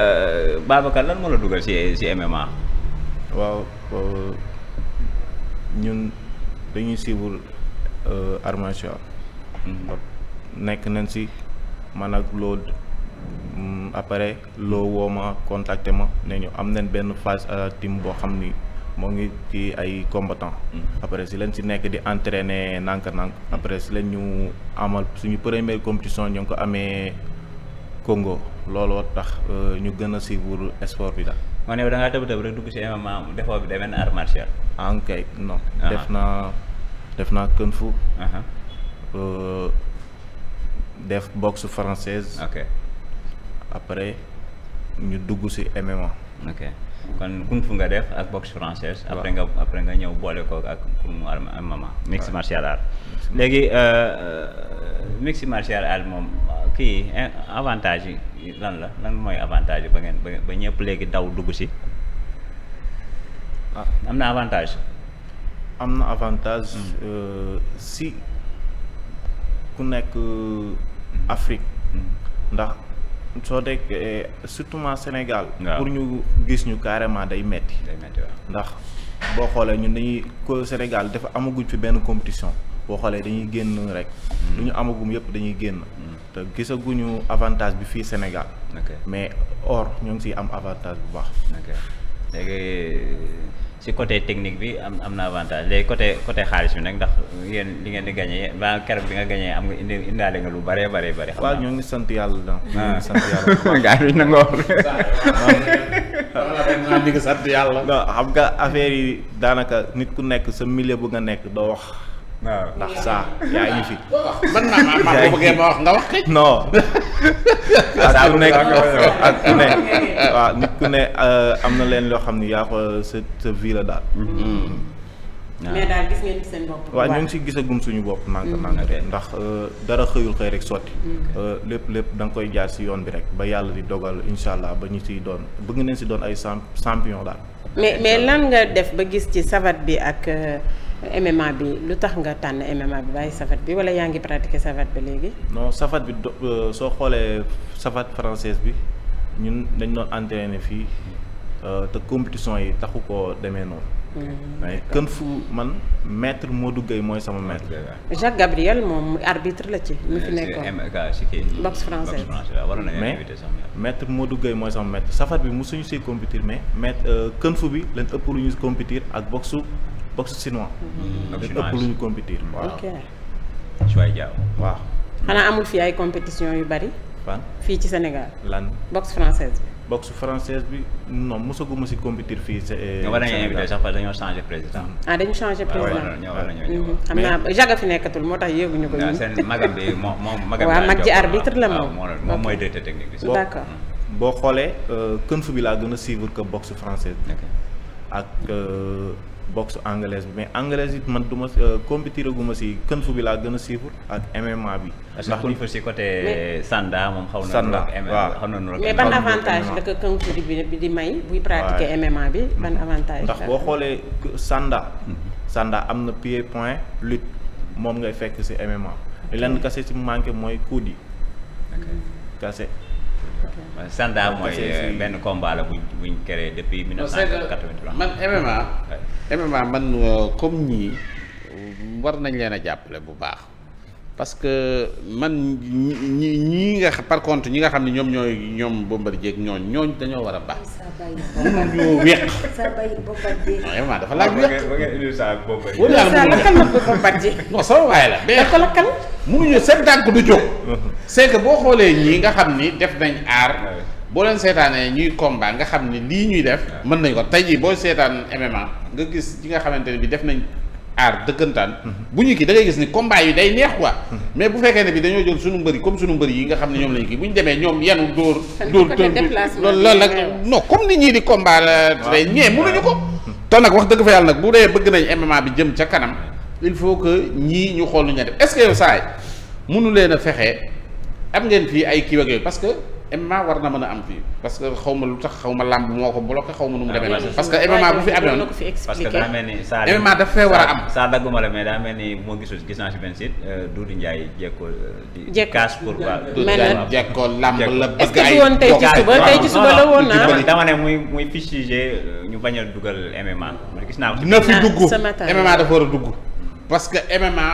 Eh, Babacar lan moo la dugal ci ci MMA. waaw ñun dañuy siiwul euh, arts martiaux mm-hmm. nekk nañ si man ak loo mm, après loo woo ma contacté ma ne ñu am nañ benn phase à euh, team boo xam ni moo ngi ci ay combattant mm-hmm. après si leen si nekk di entraîner nànk-nànk mm-hmm. après si leen ñu amal suñu première compétition ñu ngi ko amee Congo. looloo tax euh, ñu gën a suivre sport bi la moo ne da ngaa tëb tëb rek dugg ci MMA defoo bi demee na art martial. ah ok non. Ah. def naa def naa kung fu. Uh-huh. Euh, def boxe française. après ñu dugg ci MMA. ok kon kung fu nga def ak boxe française. après nga après nga ñëw boole ko ak pour mu MMA. mix martial art léegi mix martial euh, art moom. kii eh, avantage yi lan la lan mooy avantage ba ngeen ba ñëpp léegi daw dugg si ah am na avantage am na avantage mm. euh, si ku nekk mm. Afrique mm. ndax soo de eh, surtout ma Sénégal pour ñu gis ñu carrément day metti ndax boo xoolee ñun dañuy ko Sénégal dafa amaguñ fi benn compétition boo xoolee dañuy génn rek lu ñu amagum yëpp dañuy génn te gisaguñu avantage bi fii Sénégal. mais or ñoo ngi siy am avantage bu baax. léegi si côté technique bi am am na avantage léegi côté côté xaalis bi ndax yéen li ngeen di gagné ba keroog bi nga gagné am nga indi indaale nga lu bëree bëri bëri. waaw ñoo ngi sant yàlla donc. Ah. ñoo ngi sant yàlla. nga wax. xam nga affaire yi daanaka nit ku nekk sa milieu bu nga nekk doo wax. ndax saa yaa ngi fi. man naa ma ma bëggee ma wax nga waaw nit ku ne euh, am na leen loo xam ne yaa ko sa sa vie daal. Mm-hmm. Mm-hmm. mais daal gis ngeen seen bopp. waaw ngi si gisagum suñu bopp. nànk nànk de ndax euh, dara xëyul xëy rek sotti. Mm-hmm. Euh, lépp lépp danga koy jaar si yoon bi rek ba yàlla di dogal incha allah ba ñu siy doon bëgg nañ si doon ay champion daal. mais mais lan nga def ba gis ci savate bi ak. MMA bi lu tax nga tànn MMA bi bàyyi safat bi wala yaa ngi pratiquer safat bi léegi. non safat bi euh, soo xoolee safat française bi ñun dañ doon entraîner fii euh, te compétition yi taxu ko demee noonu. Mm-hmm. mais kën fu man maître Modou Gueye mooy sama maître. Jacques Gabriel moom arbitre la ci. mu fi euh, nekkoon boxe française mais maître Modou Gueye mooy sama maître safat bi mosuñu see compétir mais maître kën fu bi lañ ëpp lu ñu compétir ak boxu boxe chinois. ak mm-hmm. ëpp ñu compétir. waaw ok. Choy waaw. xanaa amul fii ay compétition yu bari. fii ci Sénégal. lan boxe française bi. boxe française bi non mosaguma si compétir fii. Eh, Sénégal war nañu invité sax parce changé président. Mm-hmm. ah dañu changé ah, président mm-hmm. xam naa jaga fi nekkatul moo tax yéeguñu ko. ñun seen magam bi moom moom magam waaw mag ji arbitre la moom. moom mooy directeur technique bi. d'accord boo xoolee euh, kënfu bi laa gën a suivre que boxe française. ak. Euh, boxe anglaise bi mais anglaise it man duma ma euh, compétir gu ma si kën bi laa gën a siifur ak MMA bi. ndax kën fu si côté Sanda moom xaw na. Sanda waaw na mais ban avantage la ko kën bi di may. buy pratiquer MMA bi ban mm-hmm. avantage ndax boo xoolee Sanda. Mm-hmm. Sanda am na pied point lutte moom ngay fekk si MMA lenn kase si manqué mooy coude yi. Mm. kase. Sanda mooy benn bu combat la buñ buñ créé depuis 1983. man MMA MMA man euh, comme ñii war nañ leen a jàppale bu baax. parce que man ñi ñi nga par contre ñi nga xam ne ñoom ñooy ñoom Bombardier ñooñ ñooñ dañoo war a baax. mënuñu wéq. dafa laaj wéq. ba ngeen indi saa Bombardier. non sama waay la. du jóg. c'est que boo xoolee ñii nga xam ni def nañ aar. boo leen seetaanee ñuy combat nga xam ni lii ñuy def. mën nañ ko tey jii boo seetaan MMA nga gis ñi nga xamante ne bi def nañ. aar dëggantaan bu ñu kii da ngay gis ni combat yi day neex quoi mais bu fekkee ne bi dañoo jël suñu mbëri comme suñu mbëri yi nga xam ne ñoom lañu kii bu ñu demee ñoom yanu dóor dóor loolu la nag non comme ni ñii di combat day ñee mënuñu ko te nag wax dëgg fa yàlla nag bu dee bëgg nañ MMA bi jëm ca kanam il faut que ñii ñu xool nu ñu def saay mënu leen a fexe am ngeen fii ay kii ak parce que MMA war na mën a am fii parce que xaw ma lu tax xaw ma làmb moo ko bloqué xaw ma nu mu demee ah, noonu parce que MMA bu fi amoon parce que daa mel saa MMA daf fee war a am ni bu ma gisul gis naa si benn site euh, Doudou Ndiaye jekkoo euh, di kaas pour waa jekkoo làmb ay woon tey ci suba tey ah? euh, ñu bañ a dugal MMA gis naa ko na fi ah, dugg MMA dafa war a dugg parce que MMA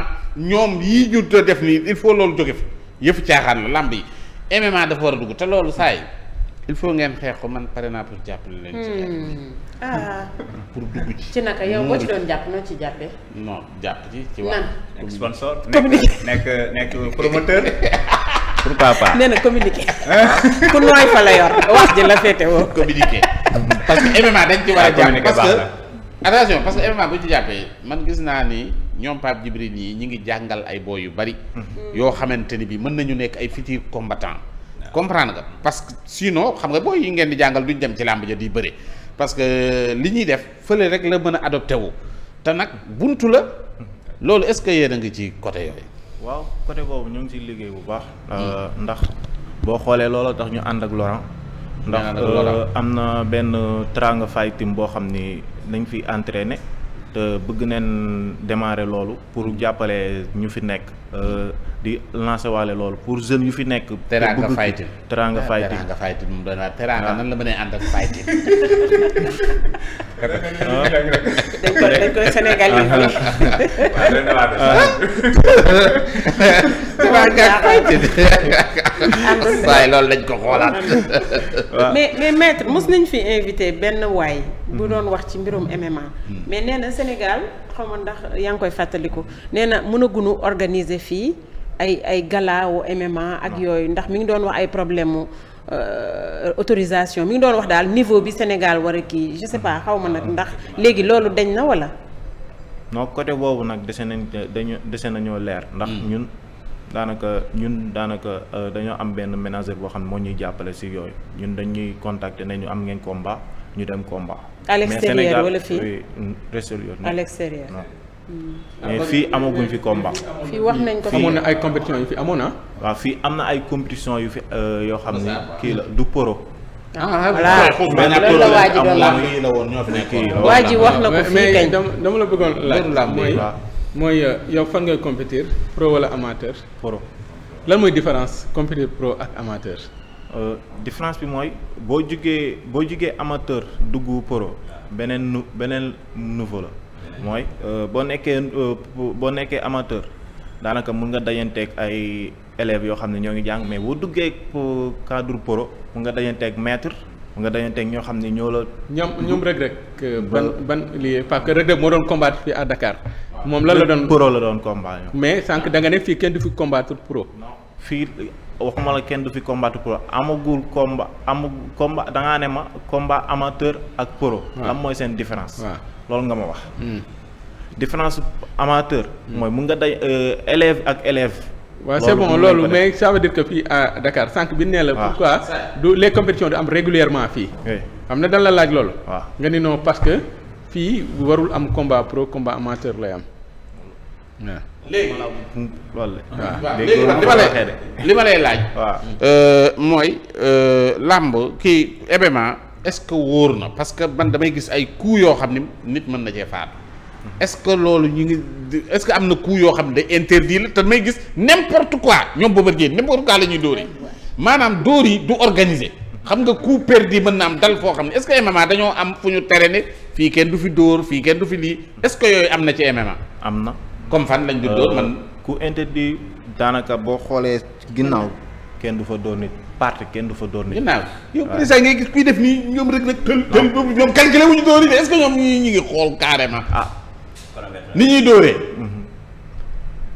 ñoom yii ñu def nii il faut loolu jóge fi yëfu caaxaan la làmb yi MMA dafa war a dugg te loolu saa yi il faut ngeen xeex ko man pare naa pour jàppale leen. ci hmm. ah. ci. ci naka yow boo ci doon jàpp noo ci jàppee. non ci que MMA dañ war a jàpp parce que attention MMA bu ci jàppee man gis naa ni. ñoom Pape Djibril yi ñu ngi jàngal ay booy yu bari. Mhm. yoo xamante ni bi mën nañu nekk ay fiti combattants. comprendre nga parce que sinon xam nga booy yi ngeen di jàngal duñ dem ci làmb ja di bëre. parce que euh, li ñuy def fële rek la mën a adopté wu te nag buntu la loolu est-ce que yéen a ngi ci côté yooyu. waaw côté boobu ñoo ngi ciy liggéey bu baax. Euh, hmm. ndax boo xoolee looloo tax ñu ànd ak Laurent. ndax euh, am na benn Teranga Fight Team boo xam ni nañ fi entraîné. te bëgg neen démarrer loolu pour jàppale ñu fi nekk Euh, di lancer waale loolu pour jeunes yu fi nekk. teraanga fighting teraanga fighting teraanga fighting moom teraanga ah. nan la mën a ànd ah, loolu lañ ko xoolaat. mais mais maître mos nañ fi invité benn waay. bu hmm. doon wax ci mbirum MMA. mais nee na xaw ndax yaa ngi koy fàttaliku nee na mënagunu organiser fii ay ay galaawu MMA ak ah. yooyu ndax mi ngi doon wax ay problème mu euh, autorisation mi ngi doon wax daal niveau bi Sénégal war a kii je sais pas xawma ma nag ah. ndax léegi loolu dañ na wala. non côté boobu nag dese nañ dañu dese nañoo leer. ndax hmm. ñun daanaka ñun daanaka euh, dañoo am benn manager boo xam ne moo ñuy jàppale si yooyu ñun dañuy contacter ñu am ngeen combat ñu dem combat. à l'extérieur wala fii à l'extérieur hmm. mais fii amaguñ fi combat. fii wax nañ ko na ay compétitions yu fi amoon na. Ah? waaw fii am na ay compétitions yu fi euh, yoo xam ne kii la du poro. ah, ah loolu la waa la waa ji wax na ko fii kañ dama la bëggoon laaj mooy mooy euh, yow fan ngay compétir pro wala amateur. pro lan mooy différence compétir pro ak amateur. Euh, différence bi mooy boo jugee boo jugee amateur dugg poro beneen nu beneen niveau la mooy euh, boo nekkee euh, boo nekkee amateur daanaka mun nga dajanteeg ay élèves yoo xam ne ñoo ngi jàng mais boo duggee cadre poro mun nga dajanteeg maître mun nga dajanteeg ñoo xam ne ñoo la. ñoom ñoom rek Reug ban ban lii parce que Reug moo doon combattre fii à moom lan la doon pro la doon combattre. mais sànq da nga ne fii kenn du fi combattre pro. fii. waxuma la kenn du fi combattre pro amagul combat amagul combat da ne ma combat amateur ak pro. lan mooy seen différence. loolu nga ma wax. Hmm. différence amateur. Hmm. mooy mun nga day euh, élève ak élève. waa c'est bon loolu mais ça veut dire que fii sànq bi nee du am régulièrement fii. xam na dal la laaj loolu. nga ni non parce que fii warul am combat pro combat amateur lay am. léegi loolu la léegi li ma lay li ma lay laaj. waaw euh, mooy euh, làmb kii événement est-ce que wóor na parce que man damay gis ay coups yoo xam ni nit mën na cee faat est-ce que loolu ñu ngi est-ce que am na coups yoo xam ne day interdit la te may gis n'importe quoi ñoom boobu ak n'importe quoi la ñuy dóor maanaam dóor yi du organiser. xam nga coup perdu mën na am dal foo xam ne est-ce que MMA dañoo am fu ñu tere ne fii kenn du fi dóor fii kenn du fi lii est-ce que yooyu am na ci MMA. am na. comme fan lañ juddoo euh, man. ku interdit daanaka boo xoolee ginnaaw kenn du fa door nit parti kenn du fa door nit. ginnaaw yow président ngay gis kuy def nii ñoom rek nag. boobu ñoom calculé wuñu door yi de est-ce que ah. ni ñuy dóoree. Mm-hmm.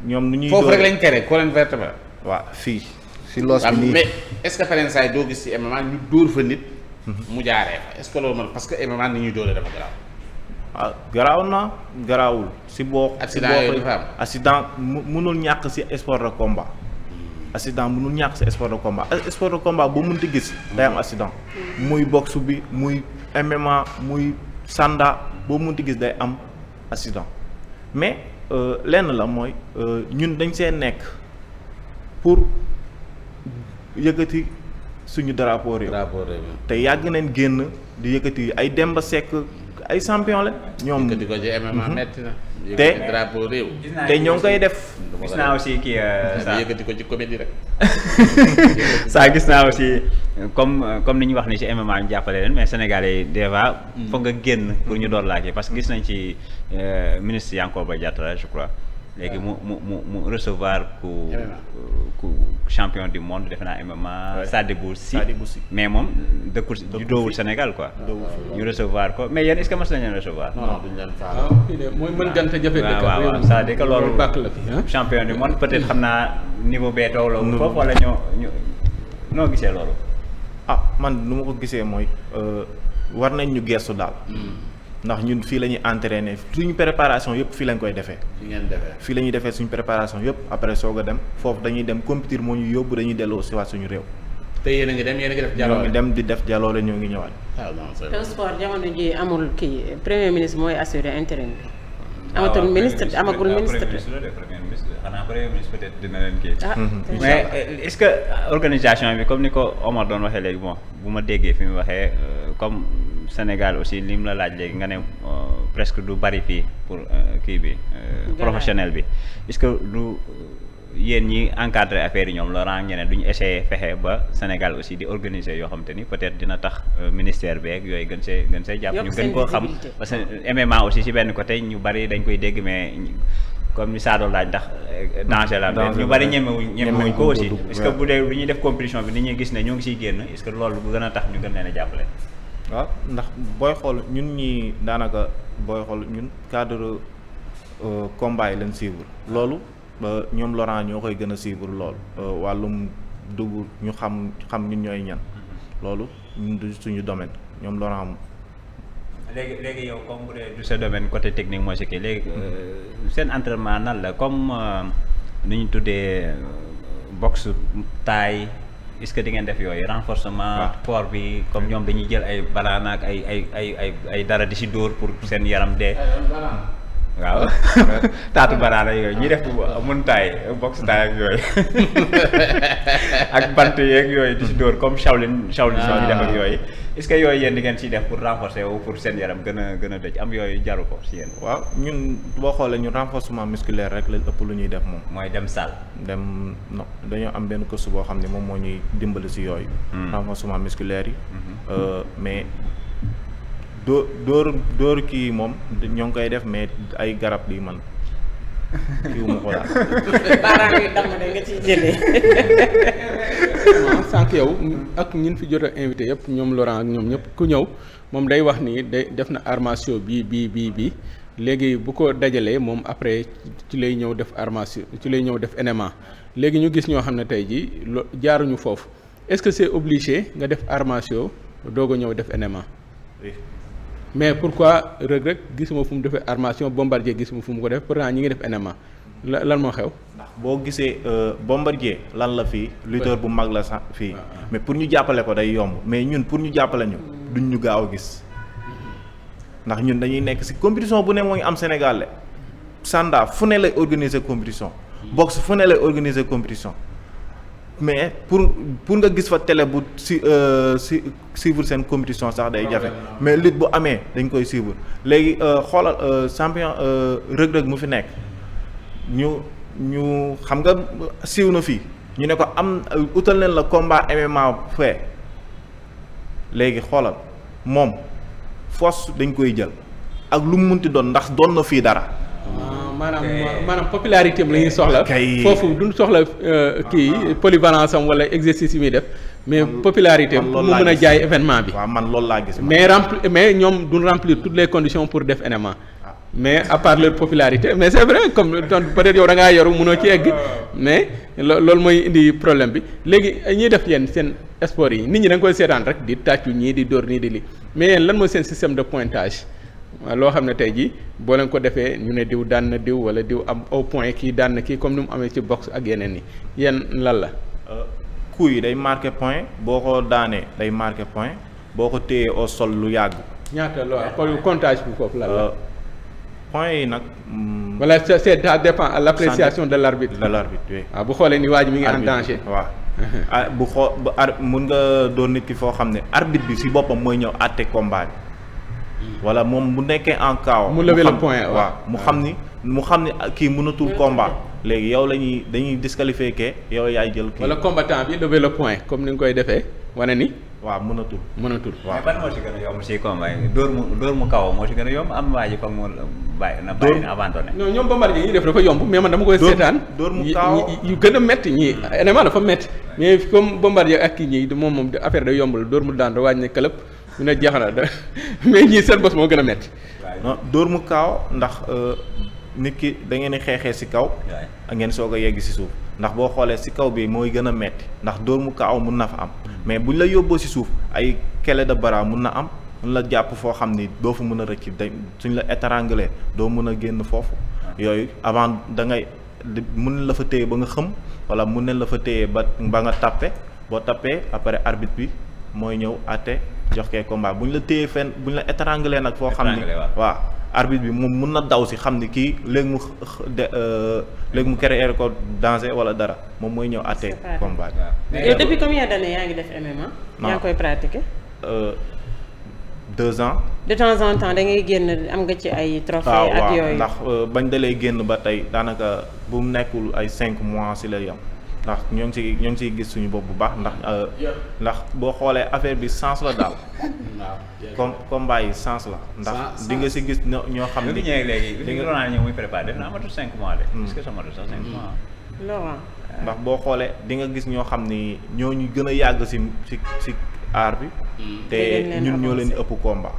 ñoom ni ñuy dóoree rek lañ tere colonne waaw fii si loos bi nii mais est-ce que feneen saa doo gis ci MMA ñu dóor fa nit. Mm-hmm. mu jaaree fa est-ce que loolu man parce que MMA ni ñuy dóoree dafa garaaw. ah garaaw na garaawul si boo. si boo koy mënul ñàkk si sport de combat. accident mënul ñàkk si sport de combat eh, sport de combat boo ci gis. day am accident. muy boxe bi muy MMA muy sanda boo mënti gis day am accident mais euh, lenn la mooy euh, ñun dañ see nekk pour yëkkati suñu drapeau réew. te yàgg nañ génn di yëkkati ay Demba Seck. ay champion la ñoom. yëkkati ko ci MMA mhm. metti na. te ñoo ngi def. gis naa kii euh, saa yëkkati ko ci comédie rek. saa gis naa aussi comme euh, comme ni ñu wax ni ci MMA ñu jàppale leen mais Sénégalais yi des fois. Mm. foog nga génn pour ñu door laajee parce que gis nañ ci euh, ministre ba Diattara je crois. léegi mu mu mu mu recevoir ku champion du monde defe naa MMA. Sadibou Sy mais moom dëkkul judoowul Sénégal quoi. ñu recevoir ko mais yéen est-ce que mos nañu leen recevoir. non duñ leen faa. waaw kii waaw waaw cest loolu champion du monde peut-être xam naa niveau bee taw la foofu wala ñoo ñu noo gisee loolu. ah man lu ma ko gisee mooy euh, war nañ ñu gestu daal. Hmm. ndax ñun fii la ñuy entraîner suñu préparation yëpp fii lañ koy defee. fi ngeen defee fii la defee suñu préparation yëpp après soog a dem foofu dañuy dem compétir moo ñu yóbbu dañuy delloo si waat suñu réew. te yéen a ngi dem yéen ngi def jaloole ñoo ngi ñoo ngi ñëwaat. waaw ah, sport ji amul kii premier ministre mooy assurer intérim bi. Ah, amatul ministre amagul ah, ministre de premier ministre xanaa mhm. eh, ce que organisation bi comme ni ko Omar doon waxee léegi bon bu ma déggee fi mu waxee euh, comme. Sénégal aussi lim la laaj léegi nga ne euh, presque du bari fii pour euh, kii bi euh, professionnel bi est-ce que du yéen ñi encadré affaire yi ñoom la rang ñeneen du fexe ba Sénégal aussi di organiser yoo xam te ni peut tax ministère beeg yooyu gën see gën see jàpp ñu parce que MMA aussi ci benn côté ñu bari dañ koy dégg mais comme ni Sadou laaj ndax danger la ñu bari ñemewuñ ñemewuñ ko aussi est que bu dee lu ñuy def compétition bi ni ñuy gis ne ñoo ngi siy génn est que loolu bu gën a tax ñu gën leen jàppale waaw ndax booy xool ñun ñi daanaka booy xool ñun cadre euh, combat yi leen suivre loolu ñoom Laurent ñoo koy gën a suivre loolu euh, wàllum dugg ñu xam xam ñun ñooy ñan loolu ñun du suñu domaine ñoom Laurent léegi léegi yow comme bu dee du sa domaine côté technique moo si kii léegi euh, seen entraînement nan la comme nu ñu tuddee boxe taille est que di ngeen def yooyu renforcement corps bi comme ñoom dañuy jël ay banaana ak ay ay ay ay ay dara di si dóor pour seen yaram dee waaw taatu banaana yooyu ñuy def mun taay box ak yooyu ak bant yooyu di si dóor comme Shaolin Shaolin ah. soo yooyu est-ce que yooyu yéen di ngeen ciy def pour renforcer wu pour seen yaram gën a gën a dëj am yooyu jaru ko si yéen. waaw ñun boo xoolee ñu renforcement musculaire rek lañ ëpp lu ñuy def moom. mooy dem salle. dem no dañoo am benn course boo xam ne moom moo ñuy dimbali si yooyu. Hmm. renforcement musculaire yi. Hmm. Euh, mais doo dóor dóor kii moom ñoo ngi koy def mais ay garab di man kii wu ma ko daal. baaraam yi damm nga ciy jëlee. sànq yow ak ñin fi jot a invité yëpp ñoom Laurent ak ñoom ñëpp ku ñëw moom day wax ni day def na armation bii bii bii bii léegi bu ko dajalee moom après ci lay ñëw def armation ci lay ñëw def NMA léegi ñu gis ñoo xam ne tey jii lo jaaruñu foofu est-ce que c'est obligé nga def armation doog a ñëw def NMA. oui mais pourquoi Reug Reug gisuma fu mu defee armation Bombardier gisuma fu mu ko def pour pourtant ñi ngi def NMA. lan moo xew. ndax boo gisee euh, Bombardier lan la fii lutteur bu mag la sax fii ah, ah. mais pour ñu jàppale ko day yomb mais ñun pour ñu jàppale ñu duñ ñu gaaw a gis ndax ñun dañuy nekk ci compétition bu ne moo ngi am Sénégal le Sanda fu ne lay organiser compétition boxe fu ne lay organiser compétition mais pour pour nga gis fa télé bu si euh, si suivre seen compétition sax day jafe ah, mais lutte bu amee dañ koy suivre léegi euh, xoolal champion rëg-rëg mu fi nekk. ñu ñu xam nga siiw na fii ñu ne ko am ay utal leen la combat MMA fee léegi xoolal moom force dañ koy jël ak lu mu ti doon ndax doon na fii dara. Ah, maanaam maanaam popularité am la ñuy soxla. foofu du soxla euh, kii ah. polyvalence am wala exercice yi muy def. mais popularité am mu mën a jaay événement bi. waaw man laa gis. mais rempli mais ñoom duñ remplir toutes les conditions pour def MMA. mais à part leur popularité mais c'est vrai comme peut-être yow da ngaa yoru mënoo ci egg mais loolu mooy indi problème bi léegi ñiy def yéen seen sport yi nit ñi da koy seetaan rek di tàccu ñii di dóor nii di li mais yéen lan mooy seen système de pointage loo xam ne tey jii boo leen ko defee ñu ne diw daan na diw wala diw am au point kii daan na kii comme ni mu amee si boxe ak yeneen yi yéen lan la. coup euh, yi day marqué point boo ko daanee day marqué point boo ko téyee au sol lu yàgg. ñaata loo comptage bi foofu lan la. Euh, points yi nag. wala hmm, c' est ça dépend appréciation de l' arbitre. de l' arbitre ah, bu xoolee ni waa ji mi ngi en danger. waaw ah bu xoo bu ar mun nga doon nit ki foo xam ne arbitre bi si boppam mooy ñëw àtte combat bi. wala moom mu nekkee en cas. mu lever point waaw mu xam ni mu xam ni ah, kii mënatul combat. léegi yow la ñuy dañuy ke yow yaay jël. kii wala combattant bi lever le point comme ni nga koy defee wane ni. waaw mënatul mënatul waaw mais ban moo ci gën a yomb si mu dóor mu kaw moo ci gën a yomb am waa ji foog mu bàyyi na bàyyi na abandonné ñoom Bombardier yi def yomb mais man dama koy seetaan dóor mu kaw yu gën a métti ñii élément dafa métti mais comme Bombardier ak kii ñii moom moom affaire day yombal dóor daan da wàññi këlëb ñu ne jeex na da mais moo gën a métti non dóor mu kaaw ndax euh, nit ki da ngeen di xeexee si kaw a ngeen soog a yegg si suuf ndax boo xoolee si kaw bii mooy gën a metti ndax dóor mu kaaw mun na fa am mais buñ la yóbboo si suuf ay kele de bara mun na am mun la jàpp foo xam ni doo fa mun a rëcc da suñ la étranglé doo mun a génn foofu yooyu avant da ngay mun la fa téye ba nga xëm wala mun na la fa téye ba ba nga tappe boo tappee après arbitre bi mooy ñëw àtte jox kee ko combat bu ñu la téye fenn bu ñu la étranglé nag foo xam ni waaw arbitre bi moom mun na daw si xam ne kii léegi mu de euh, léegi mu créer ko danger wala dara moom mooy ñëw àttee combat bi. yow depuis combien d'années yaa ngi def MMA. yaa ngi koy pratiquer. Euh, deux ans. de temps en temps da génn am nga ci ay trophée ah, ak yooyu. ndax euh, bañ dalee génn ba tey daanaka bu mu nekkul ay cinq mois si lay yam ndax ñoo ngi ciy ñoo ngi ciy gis suñu bopp bu baax ndax euh, ndax boo xoolee affaire bi sens la daal. comme combat yi sens la. ndax di nga si gis ñoo xam ne. léegi li nga doon muy préparé def mois de. Hmm. est-ce que ça amatul hmm. sax boo xoolee di nga gis ñoo xam ni ñoo ñu gën a yàgg si ci si aar bi. Hmm. te ñun ñoo leen ëpp combat.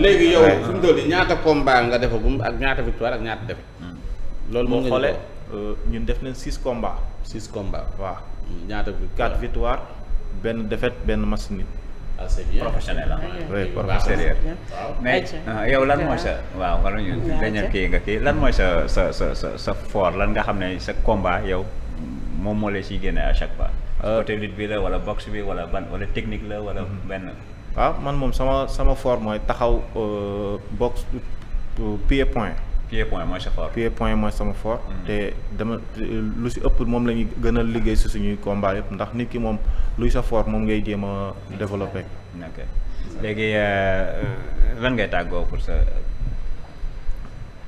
léegi yow fi mu toll ñaata combat nga defagum ak ñaata victoire ak ñaata defe loolu moo xoolee Euh, ñun def nañ six combats. six combats waaw. Mm, ñaata victoire quatre victoire benn défaite benn match nul. ah c'est bien professionnel ah. oui euh, yow lan mooy sa. waaw wala ñu dañu nga kii lan mooy sa sa sa sa sa lan nga xam ne sa combat yow moom moo lay si génne à chaque fois. Euh, côté lutte bi la wala boxe bi wala ban wala technique la wala mm-hmm. benn. waaw ah, man moom sama sama fort mooy taxaw boxe pied point. pied point mooy sa fort. pied point mooy sama fort. Mhm. te dama lu si ëpp moom la ñuy gën a liggéey si suñuy combat yëpp ndax nit ki moom luy sa fort moom ngay jéem a développé. ok léegi euh, euh, lan ngay tàggoo pour sa.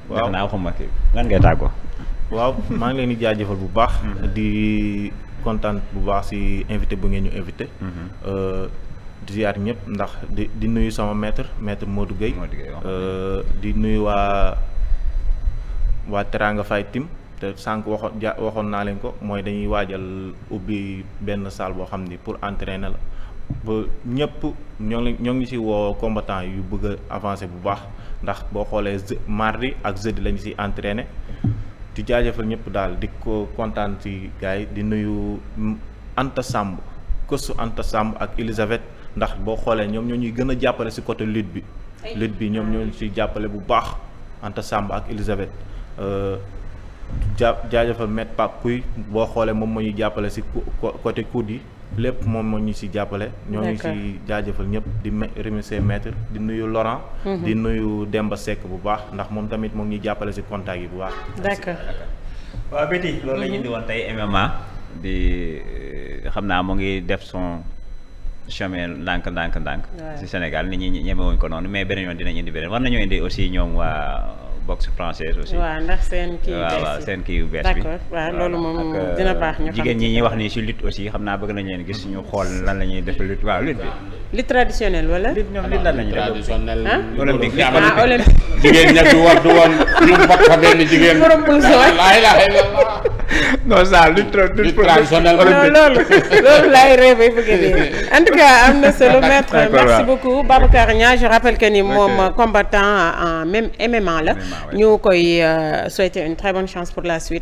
waaw naa ngay tàggoo. waaw maa ngi leen di jaajëfal bu baax. Mhm. di kontaan bu baax si invité bu ngeen ñu invité. Mhm. Euh, di ziar ñëpp ndax di di nuyu sama metre maître Modou Gueye. di nuyu waa. waa Teranga Fay Tim te sànq waxoon ja waxoon naa leen ko mooy dañuy waajal ubbi benn salle boo xam ni pour entraîner la ba ñëpp ñoo ngi ñoo ngi ci woo combattant yu bëgg a avancer bu baax ndax boo xoolee mardi ak jeudi lañu ci entraîner di jaajëfal ñëpp daal di ko kontaan si gars di nuyu Anta Samb kësu Anta Samb ak Elisabeth ndax boo xoolee ñoom ñoo ñuy gën a jàppale si côté lutte bi lutte bi ñoom ñoo ñu ciy jàppale bu baax Anta Samb ak Elisabeth Euh, jàpp jaajëfal maître Pape Pouye boo xoolee moom moo ñu jàppale si côté coude yi lépp moom moo ñu si jàppale. ñoo ngi si jaajëfal ñëpp di remercier maître di nuyu loran mm-hmm. di nuyu Demba Seck bu baax ndax moom tamit moo ngi ñuy jàppale si contact yi bu baax. d'accord waaw Betty loolu la ñu mm-hmm. indi woon tey MMA di euh, xam naa mu ngi def son chemin ndànk ndànk ndànk. si Sénégal nit ñi ñemewuñ ko noonu mais beneen yoon dinañ indi beneen war nañoo indi aussi ñoom waa. boxe française aussi. waaw ndax seen kii waaw seen kii yu bees bi. d'accord waaw loolu moom dina baax ñu euh, xam jigéen ñi ñuy wax nii si lutte aussi xam naa bëgg nañ leen gis ñu xool lan la ñuy def lutte waaw lutte bi. li traditionnel wala. li ñoom li lan lañu traditionnel. Ah? olympique ah, ah, non ça non loolu loolu laay rêvé bëgg a dee en am na solo maître merci beaucoup Babacar Niang je rappelle que ni moom combattant en même MMA la ñu koy euh, souhaiter une très bonne chance pour la suite.